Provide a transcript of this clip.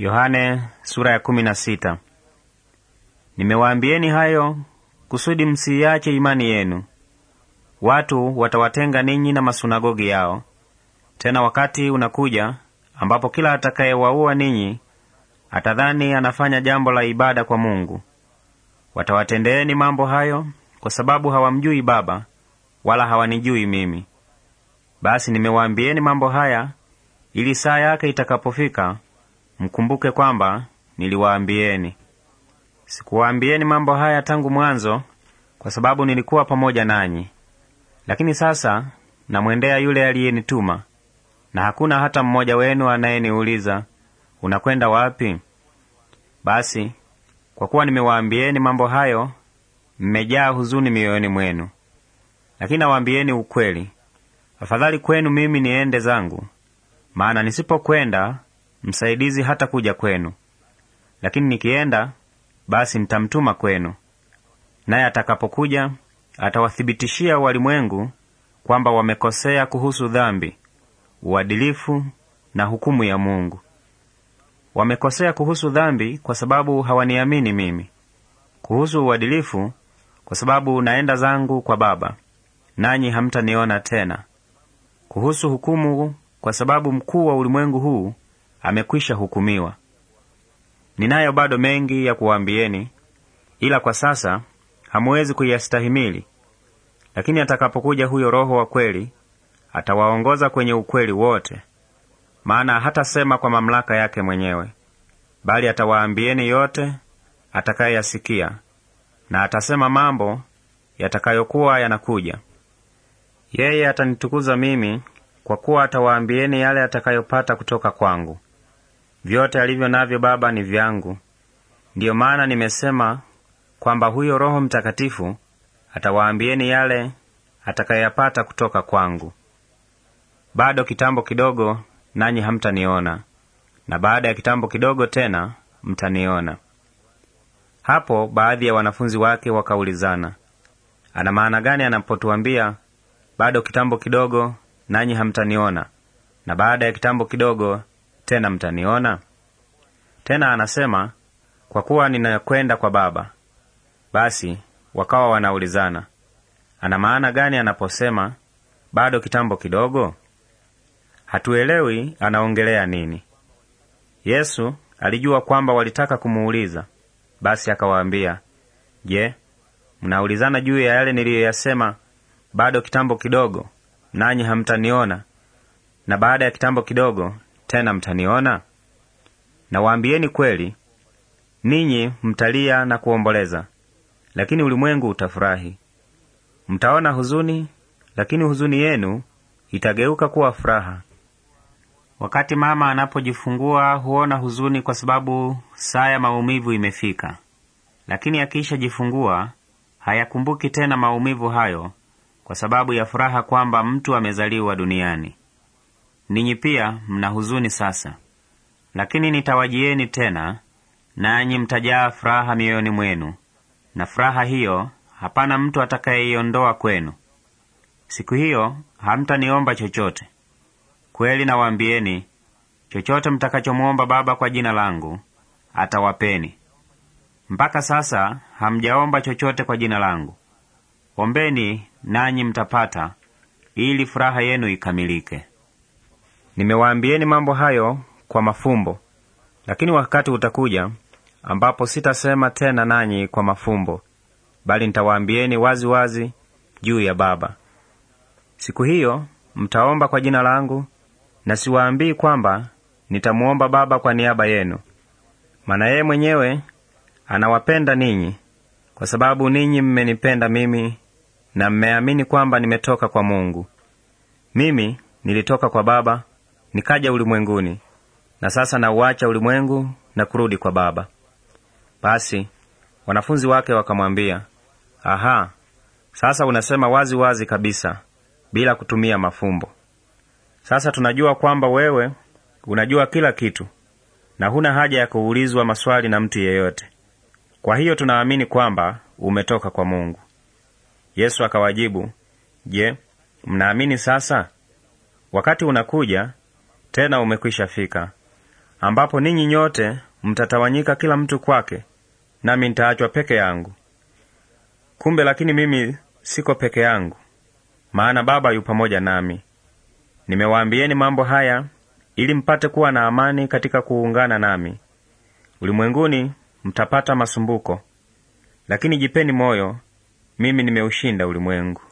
Yohane sura ya kumi na sita. Nimewaambieni hayo kusudi msiiache imani yenu. Watu watawatenga ninyi na masunagogi yao. Tena wakati unakuja ambapo kila atakayewaua ninyi atadhani anafanya jambo la ibada kwa Mungu. Watawatendeeni mambo hayo kwa sababu hawamjui Baba wala hawanijui mimi. Basi nimewaambieni mambo haya ili saa yake itakapofika Mkumbuke kwamba niliwaambieni. Sikuwaambieni mambo haya tangu mwanzo, kwa sababu nilikuwa pamoja nanyi. Lakini sasa namwendea yule aliyenituma, na hakuna hata mmoja wenu anayeniuliza unakwenda wapi? Basi kwa kuwa nimewaambieni mambo hayo, mmejaa huzuni mioyoni mwenu. Lakini nawaambieni ukweli, afadhali kwenu mimi niende zangu, maana nisipokwenda msaidizi hata kuja kwenu, lakini nikienda, basi nitamtuma kwenu. Naye atakapokuja, atawathibitishia walimwengu kwamba wamekosea kuhusu dhambi, uadilifu na hukumu ya Mungu. Wamekosea kuhusu dhambi kwa sababu hawaniamini mimi; kuhusu uadilifu, kwa sababu naenda zangu kwa Baba, nanyi hamtaniona tena; kuhusu hukumu, kwa sababu mkuu wa ulimwengu huu amekwisha hukumiwa. Ninayo bado mengi ya kuwaambieni, ila kwa sasa hamuwezi kuyastahimili. Lakini atakapokuja huyo Roho wa kweli, atawaongoza kwenye ukweli wote, maana hatasema kwa mamlaka yake mwenyewe, bali atawaambieni yote atakayeyasikia, na atasema mambo yatakayokuwa yanakuja. Yeye atanitukuza mimi, kwa kuwa atawaambieni yale atakayopata kutoka kwangu. Vyote alivyo navyo Baba ni vyangu. Ndiyo maana nimesema kwamba huyo Roho Mtakatifu atawaambieni yale atakayapata kutoka kwangu. Bado kitambo kidogo, nanyi hamtaniona, na baada ya kitambo kidogo tena mtaniona. Hapo baadhi ya wanafunzi wake wakaulizana, ana maana gani anapotuambia bado kitambo kidogo, nanyi hamtaniona, na baada ya kitambo kidogo tena mtaniona? Tena anasema, kwa kuwa ninakwenda kwa Baba. Basi wakawa wanaulizana, ana maana gani anaposema bado kitambo kidogo? Hatuelewi anaongelea nini. Yesu alijua kwamba walitaka kumuuliza, basi akawaambia, Je, mnaulizana juu ya yale niliyoyasema, bado kitambo kidogo nanyi hamtaniona, na baada ya kitambo kidogo tena mtaniona? Nawaambieni kweli, ninyi mtalia na kuomboleza, lakini ulimwengu utafurahi. Mtaona huzuni, lakini huzuni yenu itageuka kuwa furaha. Wakati mama anapojifungua huona huzuni kwa sababu saa ya maumivu imefika, lakini akishajifungua hayakumbuki tena maumivu hayo kwa sababu ya furaha kwamba mtu amezaliwa duniani ninyi pia mna huzuni sasa, lakini nitawajieni tena, nanyi mtajaa furaha mioyoni mwenu, na furaha hiyo hapana mtu atakayeiondoa kwenu. Siku hiyo hamtaniomba chochote. Kweli nawaambieni, chochote mtakachomwomba Baba kwa jina langu atawapeni. Mpaka sasa hamjaomba chochote kwa jina langu. Ombeni nanyi mtapata, ili furaha yenu ikamilike. Nimewaambieni mambo hayo kwa mafumbo, lakini wakati utakuja ambapo sitasema tena nanyi kwa mafumbo, bali nitawaambieni wazi wazi juu ya Baba. Siku hiyo mtaomba kwa jina langu, na siwaambii kwamba nitamuomba Baba kwa niaba yenu, maana yeye mwenyewe anawapenda ninyi, kwa sababu ninyi mmenipenda mimi na mmeamini kwamba nimetoka kwa Mungu. Mimi nilitoka kwa Baba nikaja ulimwenguni, na sasa nauacha ulimwengu na kurudi kwa Baba. Basi wanafunzi wake wakamwambia, aha, sasa unasema wazi wazi kabisa bila kutumia mafumbo. Sasa tunajua kwamba wewe unajua kila kitu na huna haja ya kuulizwa maswali na mtu yeyote. Kwa hiyo tunaamini kwamba umetoka kwa Mungu. Yesu akawajibu, Je, mnaamini sasa? Wakati unakuja tena umekwisha fika, ambapo ninyi nyote mtatawanyika kila mtu kwake, nami nitaachwa peke yangu. Kumbe lakini mimi siko peke yangu, maana Baba yu pamoja nami. Nimewaambieni mambo haya ili mpate kuwa na amani katika kuungana nami. Ulimwenguni mtapata masumbuko, lakini jipeni moyo, mimi nimeushinda ulimwengu.